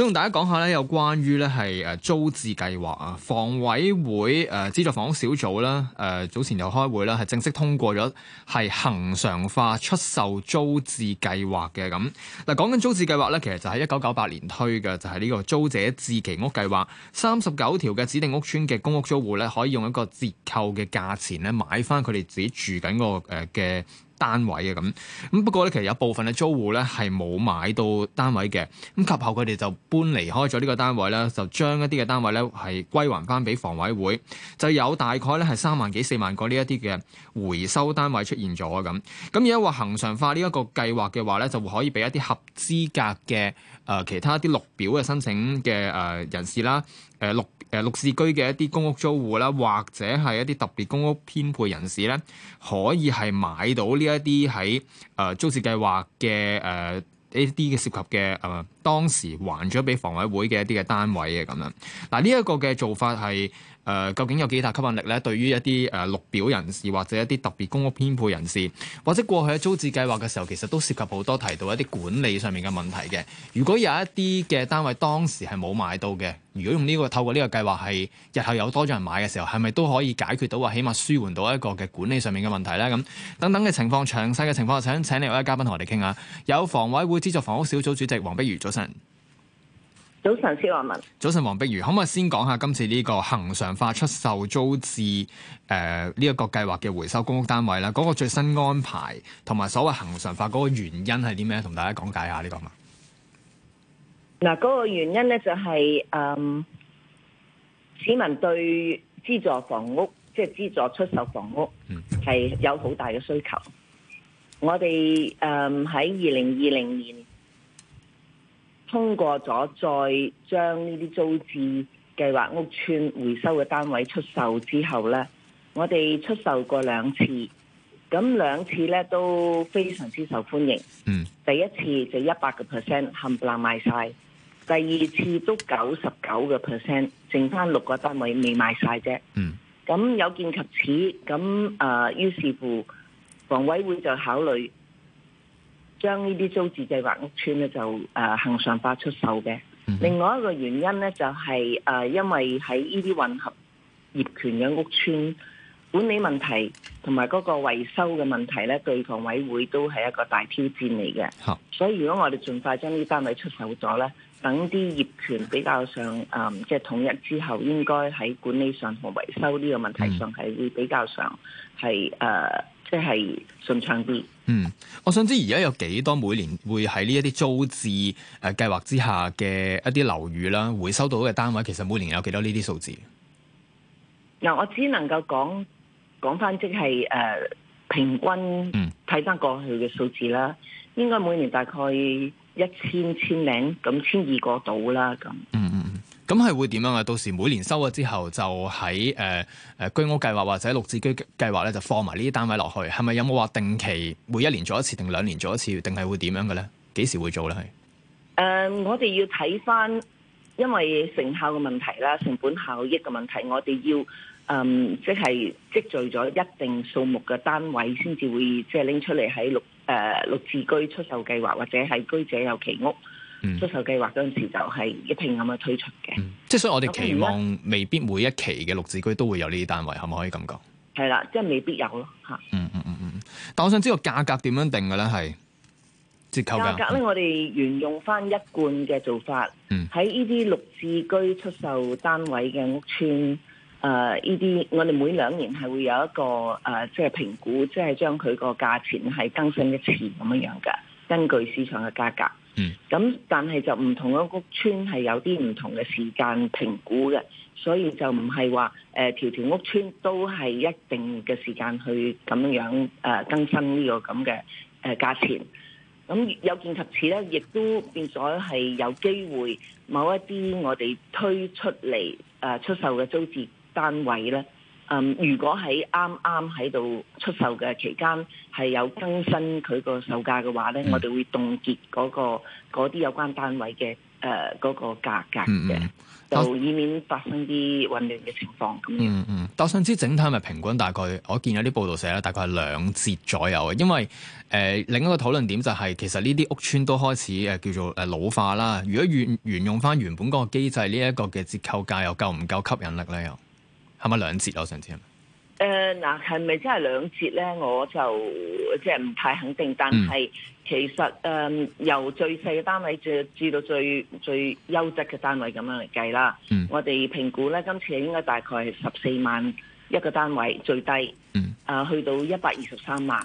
都同大家講下咧，有關於咧係誒租置計劃啊，房委會誒資助房屋小組咧誒早前就開會啦，係正式通過咗係恆常化出售租置計劃嘅咁。嗱，講緊租置計劃咧，其實就係一九九八年推嘅，就係、是、呢個租者置其屋計劃。三十九條嘅指定屋村嘅公屋租戶咧，可以用一個折扣嘅價錢咧買翻佢哋自己住緊個誒嘅。呃單位啊，咁咁不過咧，其實有部分嘅租戶咧係冇買到單位嘅，咁及後佢哋就搬離開咗呢個單位啦，就將一啲嘅單位咧係歸還翻俾房委會，就有大概咧係三萬幾四萬個呢一啲嘅回收單位出現咗咁，咁而家話恆常化呢一個計劃嘅話咧，就可以俾一啲合資格嘅。誒其他一啲綠表嘅申請嘅誒人士啦，誒綠誒綠置居嘅一啲公屋租戶啦，或者係一啲特別公屋編配人士咧，可以係買到呢一啲喺誒租置計劃嘅誒一啲嘅涉及嘅誒當時還咗俾房委會嘅一啲嘅單位嘅咁樣。嗱呢一個嘅做法係。誒、呃，究竟有幾大吸引力咧？對於一啲誒綠表人士，或者一啲特別公屋編配人士，或者過去喺租置計劃嘅時候，其實都涉及好多提到一啲管理上面嘅問題嘅。如果有一啲嘅單位當時係冇買到嘅，如果用呢、呢個透過呢個計劃係日後有多咗人買嘅時候，係咪都可以解決到啊？起碼舒緩到一個嘅管理上面嘅問題咧？咁等等嘅情況，詳細嘅情況請請另外一位嘉賓同我哋傾下。有房委會資助房屋小組主席黃碧如，早晨。早晨，肖萬文。早晨，黃碧如，可唔可以先講下今次呢個恆常化出售租置誒呢一個計劃嘅回收公屋單位啦？嗰個最新安排同埋所謂恆常化嗰個原因係點樣？同大家講解下呢個嘛？嗱，嗰個原因咧就係誒，市民對資助房屋即係資助出售房屋係、嗯、有好大嘅需求。我哋誒喺二零二零年。通過咗，再將呢啲租置計劃屋邨回收嘅單位出售之後呢，我哋出售過兩次，咁兩次呢都非常之受歡迎。嗯，第一次就一百個 percent 冚唪唥賣晒，第二次都九十九個 percent，剩翻六個單位未賣晒啫。嗯，咁有見及此，咁啊、呃、於是乎房委會就考慮。將呢啲租置計劃屋邨咧就誒恆、呃、常化出售嘅。另外一個原因咧就係、是、誒、呃、因為喺呢啲混合業權嘅屋邨，管理問題同埋嗰個維修嘅問題咧，對房委會都係一個大挑戰嚟嘅。好所以如果我哋盡快將呢單位出售咗咧，等啲業權比較上誒即係統一之後，應該喺管理上同維修呢個問題上係會比較上係誒。呃即係順暢啲。嗯，我想知而家有幾多每年會喺呢一啲租置誒計劃之下嘅一啲樓宇啦，回收到嘅單位，其實每年有幾多呢啲數字？嗱，我只能夠講講翻，即係誒平均睇翻過去嘅數字啦。應該每年大概一千千零咁千二個度啦。咁嗯嗯，嗯。咁係會點樣啊？到時每年收咗之後就，就喺誒誒居屋計劃或者綠置居計劃咧，就放埋呢啲單位落去。係咪有冇話定期每一年做一次，定兩年做一次，定係會點樣嘅咧？幾時會做咧？係誒、嗯，我哋要睇翻，因為成效嘅問題啦，成本效益嘅問題，我哋要即係積聚咗一定數目嘅單位，先至會即係拎出嚟喺綠誒綠置居出售計劃，或者係居者有其屋。嗯、出售計劃嗰陣時就係一平咁樣推出嘅，即係、嗯、所以我哋期望未必每一期嘅綠置居都會有呢啲單位，可唔可以咁講？係啦，即係未必有咯吓、嗯。嗯嗯嗯嗯，但我想知道價格點樣定嘅咧？係折扣價？價格咧，嗯、我哋沿用翻一貫嘅做法，喺呢啲綠置居出售單位嘅屋邨，誒呢啲我哋每兩年係會有一個誒、呃，即係評估，即係將佢個價錢係更新一次咁樣樣嘅，根據市場嘅價格。嗯，咁但係就唔同嘅屋邨係有啲唔同嘅時間評估嘅，所以就唔係話誒條條屋邨都係一定嘅時間去咁樣樣誒、呃、更新呢個咁嘅誒價錢。咁、嗯、有見及此咧，亦都變咗係有機會某一啲我哋推出嚟誒、呃、出售嘅租置單位咧。嗯，如果喺啱啱喺度出售嘅期間係有更新佢個售價嘅話咧，嗯、我哋會凍結嗰、那個嗰啲有關單位嘅誒嗰個價格嘅，嗯嗯嗯、就以免發生啲混亂嘅情況。嗯嗯，嗯，但上次整體咪平均大概，我見有啲報道寫咧，大概係兩折左右。因為誒、呃、另一個討論點就係、是，其實呢啲屋邨都開始誒、呃、叫做誒老化啦。如果原沿用返原本嗰個機制，呢、這、一個嘅折扣價又夠唔夠吸引力咧？又？係咪兩折？我想知。誒嗱，係咪真係兩折咧？我就即係唔太肯定。但係其實誒、嗯，由最細嘅單位至至到最最優質嘅單位咁樣嚟計啦。嗯、我哋評估咧，今次應該大概十四萬一個單位最低。嗯。啊，去到一百二十三萬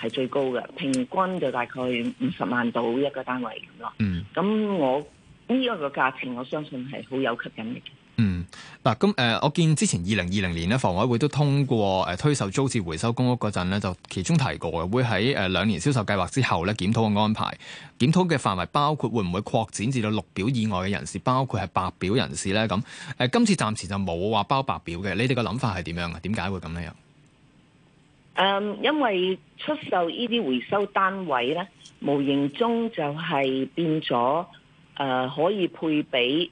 係最高嘅，平均就大概五十萬到一個單位咁咯。嗯。咁我呢個價錢，我相信係好有吸引力。嗯，嗱，咁、呃、誒，我見之前二零二零年咧，房委會都通過誒、呃、推售租置回收公屋嗰陣咧，就其中提過嘅，會喺誒兩年銷售計劃之後咧檢討個安排，檢討嘅範圍包括會唔會擴展至到綠表以外嘅人士，包括係白表人士咁誒、呃、今次暫時就冇話包白表嘅，你哋嘅諗法係點樣啊？點解會咁樣？誒，um, 因為出售呢啲回收單位咧，無形中就係變咗誒、呃、可以配比。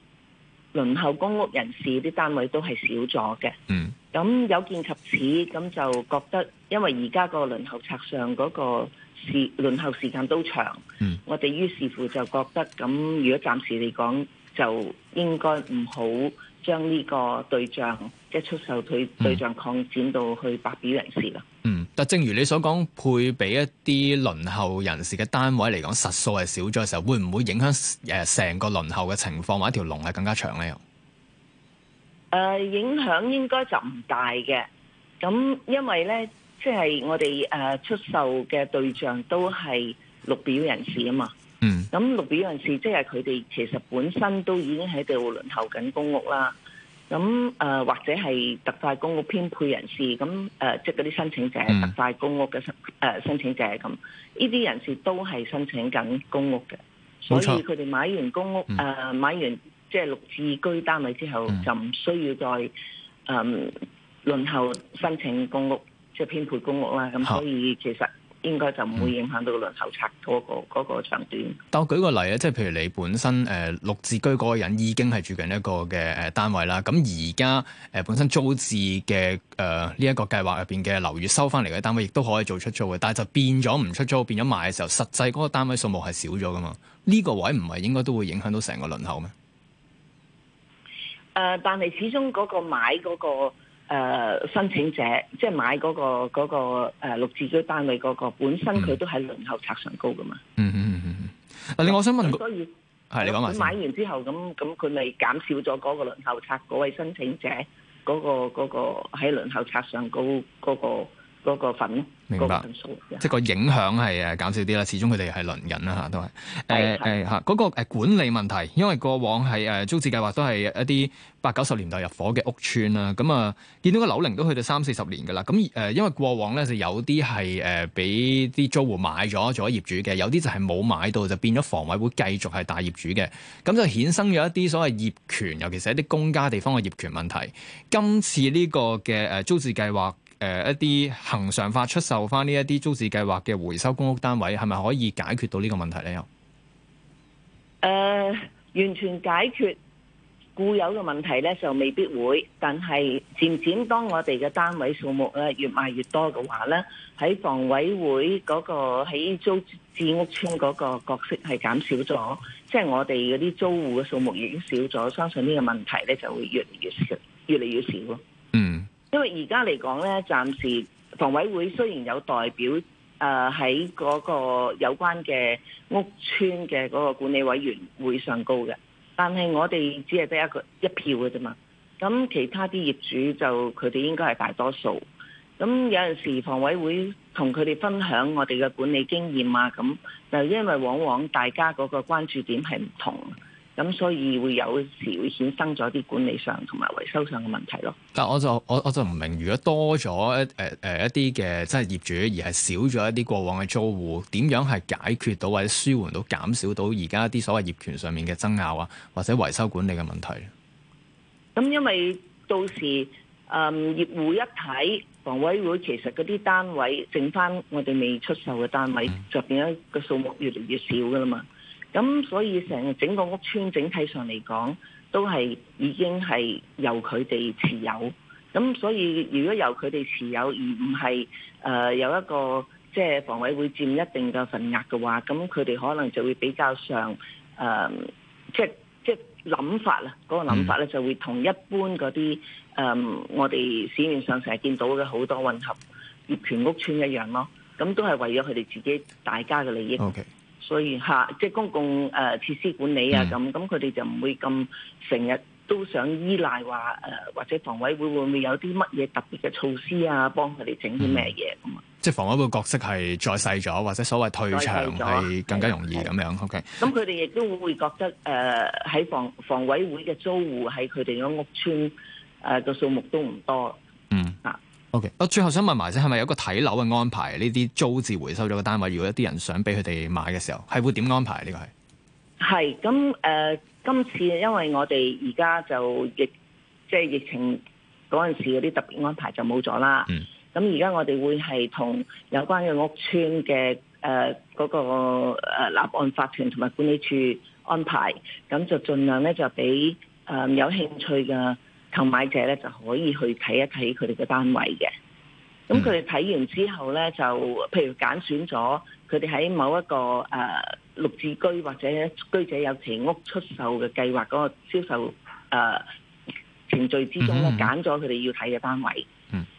輪候公屋人士啲單位都係少咗嘅，咁有見及此，咁就覺得，因為而家個輪候冊上嗰個時輪候時間都長，嗯、我哋於是乎就覺得，咁如果暫時嚟講，就應該唔好將呢個對象即係、就係、出售對對象擴展到去白表人士啦。嗯，但正如你所講，配俾一啲輪候人士嘅單位嚟講，實數係少咗嘅時候，會唔會影響誒成個輪候嘅情況，或者條龍係更加長咧？誒、呃，影響應該就唔大嘅，咁因為咧，即、就、係、是、我哋誒、呃、出售嘅對象都係綠表人士啊嘛，嗯，咁綠表人士即係佢哋其實本身都已經喺度輪候緊公屋啦。咁誒、嗯、或者係特快公屋編配人士，咁誒、呃、即嗰啲申請者、嗯、特快公屋嘅申誒申請者咁，呢啲人士都係申請緊公屋嘅，所以佢哋買完公屋誒、嗯呃、買完即係綠置居單位之後，嗯、就唔需要再誒、呃、輪候申請公屋，即係編配公屋啦。咁所以其實，應該就唔會影響到輪候冊嗰個嗰個長短。但我舉個例啊，即係譬如你本身誒綠置居嗰個人已經係住緊一個嘅誒單位啦。咁而家誒本身租置嘅誒呢一個計劃入邊嘅樓宇收翻嚟嘅單位，亦都可以做出租嘅。但係就變咗唔出租，變咗賣嘅時候，實際嗰個單位數目係少咗噶嘛？呢個位唔係應該都會影響到成個輪候咩？誒，但係始終嗰個買嗰個。誒、呃、申請者即係買嗰、嗰個嗰、嗰個綠置居單位嗰、嗰個本身佢都係輪候冊上高㗎嘛，嗯嗯嗯嗯。嗱、嗯，你、嗯嗯嗯、我想問，所以、啊、你講埋。買完之後，咁咁佢咪減少咗嗰個輪候冊嗰位申請者嗰、嗰個喺、嗰個、輪候冊上高、嗰、嗰個。嗰個嗰個份咧，明白，個即係個影響係誒減少啲啦。始終佢哋係輪人啦，都係嗰的、呃呃嗰個管理問題。因為過往係誒租置計劃都係一啲八九十年代入伙嘅屋邨啦，咁啊見到個樓齡都去到三四十年噶啦。咁、呃、因為過往咧就有啲係誒俾啲租戶買咗做業主嘅，有啲就係冇買到就變咗房委會繼續係大業主嘅。咁就衍生咗一啲所謂業權，尤其是係一啲公家地方嘅業權問題。今次呢個嘅誒租置計劃。誒、呃，一啲恆常化出售返呢一啲租置計劃嘅回收公屋單位，係咪可以解決到呢個問題呢？又誒、呃，完全解決固有嘅問題呢，就未必會。但係漸漸當我哋嘅單位數目咧越賣越多嘅話呢，喺房委會嗰、那個喺租置屋村嗰個角色係減少咗，即、就、係、是、我哋嗰啲租戶嘅數目已經少咗，相信呢個問題呢就會越嚟越少，越嚟越少咯。嗯。因為而家嚟講呢，暫時房委會雖然有代表誒喺嗰個有關嘅屋邨嘅嗰個管理委員會上高嘅，但係我哋只係得一個一票嘅啫嘛。咁其他啲業主就佢哋應該係大多數。咁有陣時房委會同佢哋分享我哋嘅管理經驗啊，咁就因為往往大家嗰個關注點係唔同。咁所以會有時會衍生咗啲管理上同埋維修上嘅問題咯。但我就我我就唔明，如果多咗一誒一啲嘅即係業主，而係少咗一啲過往嘅租戶，點樣係解決到或者舒緩到減少到而家啲所謂業權上面嘅爭拗啊，或者維修管理嘅問題？咁因為到時誒、嗯、業戶一睇房委會，其實嗰啲單位剩翻我哋未出售嘅單位，就變咗個數目越嚟越少噶啦嘛。咁所以成日整個屋村整體上嚟講，都係已經係由佢哋持有。咁所以如果由佢哋持有而不是，而唔係誒有一個即係房委會佔一定嘅份額嘅話，咁佢哋可能就會比較上誒、呃、即係即係諗法啦。嗰、那個諗法咧就會同一般嗰啲誒我哋市面上成日見到嘅好多混合業權屋村一樣咯。咁都係為咗佢哋自己大家嘅利益。Okay. 所以嚇，即係公共誒、呃、設施管理啊，咁咁佢哋就唔會咁成日都想依賴話誒、呃，或者房委會會唔會有啲乜嘢特別嘅措施啊，幫佢哋整啲咩嘢咁啊？嗯、樣即係房委會嘅角色係再細咗，或者所謂退場係更加容易咁樣，OK？咁佢哋亦都會覺得誒，喺、呃、房房委會嘅租戶喺佢哋嘅屋村誒個數目都唔多。OK，我最後想問埋先，係咪有個睇樓嘅安排？呢啲租置回收咗嘅單位，如果一啲人想俾佢哋買嘅時候，係會點安排？呢個係係咁誒，今次因為我哋而家就疫，即係疫情嗰陣時嗰啲特別安排就冇咗啦。咁而家我哋會係同有關嘅屋邨嘅誒嗰個立案法團同埋管理處安排，咁就盡量咧就俾誒、呃、有興趣嘅。購買者咧就可以去睇一睇佢哋嘅單位嘅，咁佢哋睇完之後咧，就譬如揀選咗佢哋喺某一個誒綠置居或者居者有其屋出售嘅計劃嗰個銷售誒、呃、程序之中咧，揀咗佢哋要睇嘅單位。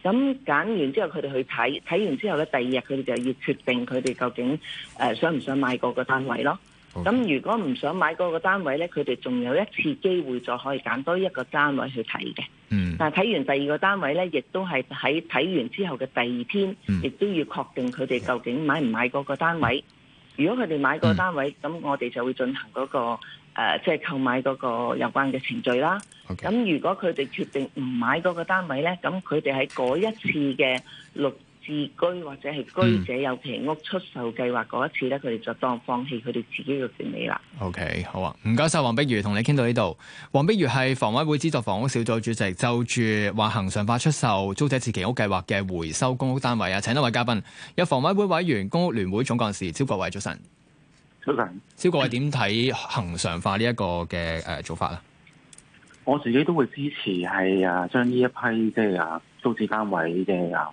咁揀完之後他們，佢哋去睇，睇完之後咧，第二日佢哋就要決定佢哋究竟誒、呃、想唔想買嗰個單位咯。咁 Okay. 如果唔想買嗰個單位呢，佢哋仲有一次機會再可以揀多一個單位去睇嘅。嗯，mm. 但係睇完第二個單位呢，亦都係喺睇完之後嘅第二天，亦、mm. 都要確定佢哋究竟買唔買嗰個單位。如果佢哋買嗰個單位，咁、mm. 我哋就會進行嗰、那個即係、呃，即係、購買嗰個有關嘅程序啦。咁 Okay. 如果佢哋決定唔買嗰個單位呢，咁佢哋喺嗰一次嘅錄。自居或者係居者有其屋出售計劃嗰、嗯、一次咧，佢哋就當放棄佢哋自己嘅權利啦。OK，好啊，唔該晒黃碧如，同你傾到呢度。黃碧如係房委會資助房屋小組主席，就住話恒常化出售租者置其屋計劃嘅回收公屋單位啊，請一位嘉賓，有房委會委員、公屋聯會總幹事招國偉，早晨。早晨，招國偉，點睇恒常化呢一個嘅誒、呃、做法咧？我自己都會支持係啊，將呢一批即係啊租置單位嘅啊。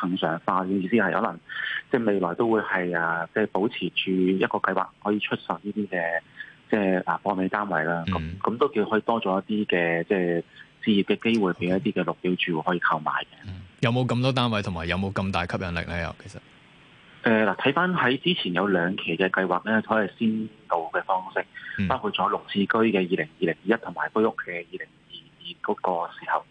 恒常化嘅意思係，可能即係未來都會係啊，即係保持住一個計劃，可以出售呢啲嘅，即係啊，貨尾單位啦。咁咁都叫可以多咗一啲嘅，即係置業嘅機會，俾一啲嘅綠表住戶可以購買嘅、嗯。有冇咁多單位，同埋有冇咁大吸引力咧？又其實，誒嗱、呃，睇翻喺之前有兩期嘅計劃咧，都係先到嘅方式，嗯、包括咗綠置居嘅二零二零二一，同埋居屋嘅二零二二嗰個時候。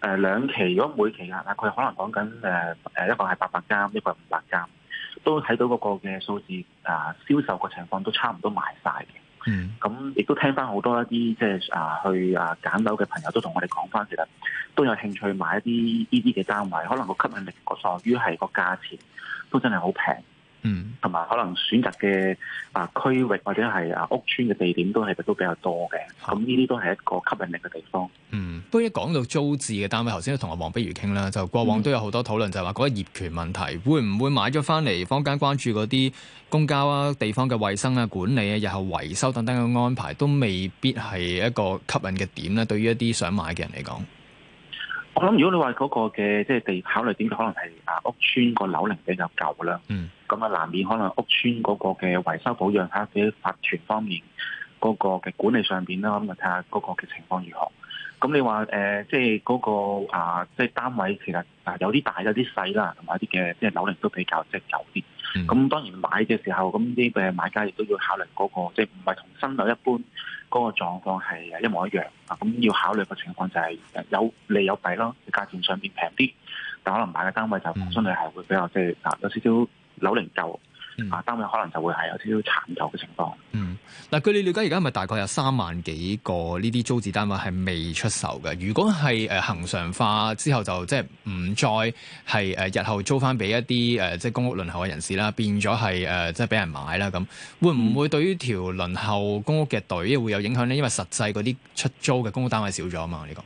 誒、呃、兩期，如果每期啊，佢可能講緊誒誒一個係八百間，一個係五百間，都睇到嗰個嘅數字啊、呃，銷售個情況都差唔多賣晒嘅。Mm. 嗯，咁亦都聽翻好多一啲即係啊去啊揀樓嘅朋友都同我哋講翻，其實都有興趣買一啲呢啲嘅單位，可能個吸引力在於係個價錢都真係好平。嗯，同埋可能選擇嘅啊區域或者係啊屋村嘅地點都係都比較多嘅，咁呢啲都係一個吸引力嘅地方。嗯，不過一講到租置嘅單位，頭先都同阿黃碧如傾啦，就過往都有好多討論，就係話嗰個業權問題，會唔會買咗翻嚟，坊間關注嗰啲公契啊、地方嘅衛生啊、管理啊，日後維修等等嘅安排都未必係一個吸引嘅點咧。對於一啲想買嘅人嚟講，我諗如果你話嗰個嘅即係地考慮點，可能係啊屋村個樓齡比較舊啦。嗯。咁啊，難免可能屋邨嗰個嘅維修保養，嚇，或者法團方面嗰個嘅管理上面啦，咁啊睇下嗰個嘅情況如何。咁你話誒，即係嗰個啊，即係單位其實啊有啲大，有啲細啦，同埋啲嘅即係樓齡都比較即係舊啲。咁、就是嗯、當然買嘅時候，咁啲嘅買家亦都要考慮嗰個，即係唔係同新樓一般嗰個狀況係一模一樣啊。咁要考慮個情況就係有利有弊咯。價錢上面平啲，但可能買嘅單位就相對係會比較即係有少少。樓齡就啊，單位可能就會係有少少殘舊嘅情況。嗯，嗱，據你了解，而家係咪大概有三萬幾個呢啲租置單位係未出售嘅？如果係誒恆常化之後，就即係唔再係誒日後租翻俾一啲誒即係公屋輪候嘅人士啦，變咗係誒即係俾人買啦。咁會唔會對於條輪候公屋嘅隊會有影響呢？因為實際嗰啲出租嘅公屋單位少咗啊嘛，呢個。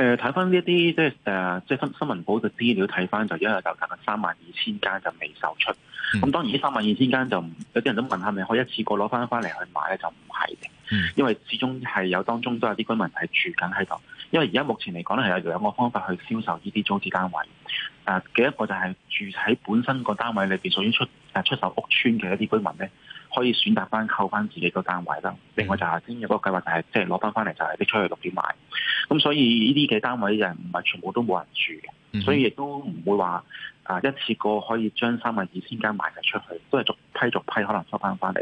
誒睇翻呢一啲即係誒即係新新聞報嘅資料睇翻，就一日就大概三萬二千間就未售出。咁、mm. 當然呢三萬二千間就有啲人都問下，咪可以一次過攞翻翻嚟去買咧？就唔係嘅，mm. 因為始終係有當中都有啲居民係住緊喺度。因為而家目前嚟講咧，係有兩個方法去銷售呢啲租置單位。誒、呃、第一個就係住喺本身個單位裏邊屬於出誒出售屋村嘅一啲居民咧。可以選擇翻購翻自己個單位啦，另外就係先有嗰個計劃就係即係攞翻翻嚟就係、是、逼出去六點買，咁所以呢啲嘅單位就係唔係全部都冇人住嘅，所以亦都唔會話啊一次過可以將三萬二千間賣曬出去，都係逐批逐批可能收翻翻嚟，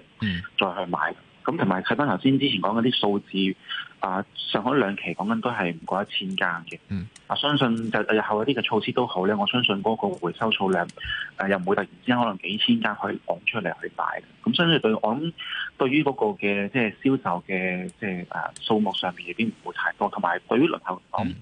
再去買。 咁同埋睇翻頭先之前講嗰啲數字，啊上海兩期講緊都係唔過一千間嘅，啊相信日後嗰啲嘅措施都好咧，我相信嗰個回收數量、啊，又唔會突然之間可能幾千間可以講出嚟去賣嘅。咁、啊、所以對我諗，對於嗰個嘅即係銷售嘅即係啊數目上面亦都唔會太多，同埋對於輪候嚟講。嗯。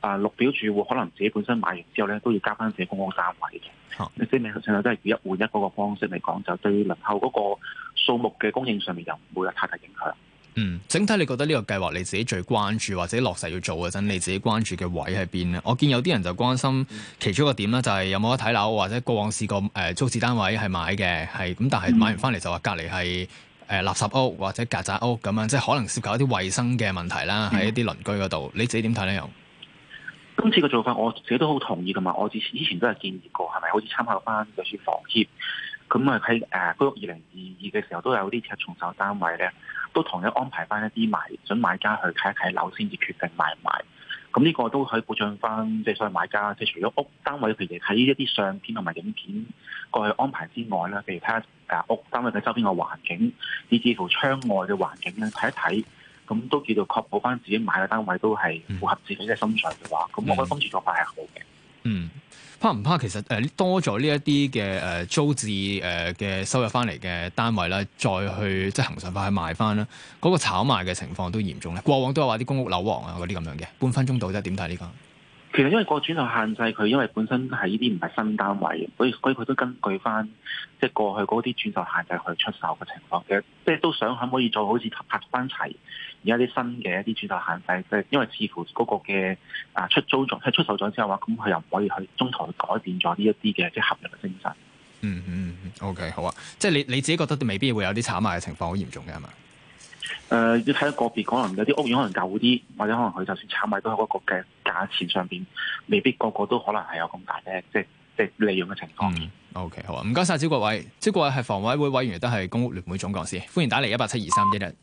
啊！綠表、呃、住戶可能自己本身買完之後咧，都要加翻自己公屋單位嘅。啲市民相信都係一換一嗰個方式嚟講，就對輪候嗰個數目嘅供應上面就唔會有太大影響。嗯，整體你覺得呢個計劃你自己最關注或者落實要做嗰陣，你自己關注嘅位喺邊咧？我見有啲人就關心其中一個點啦，就係有冇得睇樓，或者過往試過誒、呃、租置單位係買嘅，係咁，但係買完翻嚟就話隔離係誒垃圾屋或者曱甴屋咁樣，即係可能涉及一啲衞生嘅問題啦，喺一啲鄰居嗰度，嗯、你自己點睇呢？又？今次嘅做法，我自己都好同意㗎嘛。我之前以前都係建議過，係咪好似參考翻就算房協咁啊？喺誒嗰個二零二二嘅時候，都有啲嘅重售單位咧，都同樣安排翻一啲買準買家去睇一睇樓，先至決定買唔買。咁呢個都可以保障翻，即係所謂買家。即係除咗屋單位，譬如睇一啲相片同埋影片過去安排之外呢，譬如睇下屋單位喺周邊嘅環境，以至乎窗外嘅環境咧，睇一睇。咁都叫做確保翻自己買嘅單位都係符合自己嘅心水嘅話，咁、嗯、我覺得今次做法係好嘅。嗯，怕唔怕？其實誒多咗呢一啲嘅誒租置誒嘅收入翻嚟嘅單位咧，再去即係行上翻去賣翻啦，嗰、嗰個炒賣嘅情況都嚴重咧。過往都有話啲公屋樓王啊嗰啲咁樣嘅，半分鐘到啫，係點睇呢個？其實因為嗰個轉售限制佢，因為本身係呢啲唔係新單位，所以所以佢都根據翻即係過去嗰啲轉售限制去出售嘅情況，其實即係都想可唔可以做好似拍翻齊而家啲新嘅一啲轉售限制，即係因為似乎嗰個嘅啊出租咗即係出售咗之後話，咁佢又唔可以去中途改變咗呢一啲嘅即係合約嘅精神。嗯嗯，OK，好啊，即係你你自己覺得都未必會有啲炒賣嘅情況好嚴重嘅係嘛？是誒、呃，要睇下個別可能有啲屋苑可能舊啲，或者可能佢就算炒賣都係一個嘅價錢上邊，未必個個都可能係有咁大咧，即係即係利用嘅情況。嗯、o、okay, k 好啊，唔該晒，招國偉，招國偉係房委會委員，亦都係公屋聯會總幹事，歡迎打嚟一八七二三一一。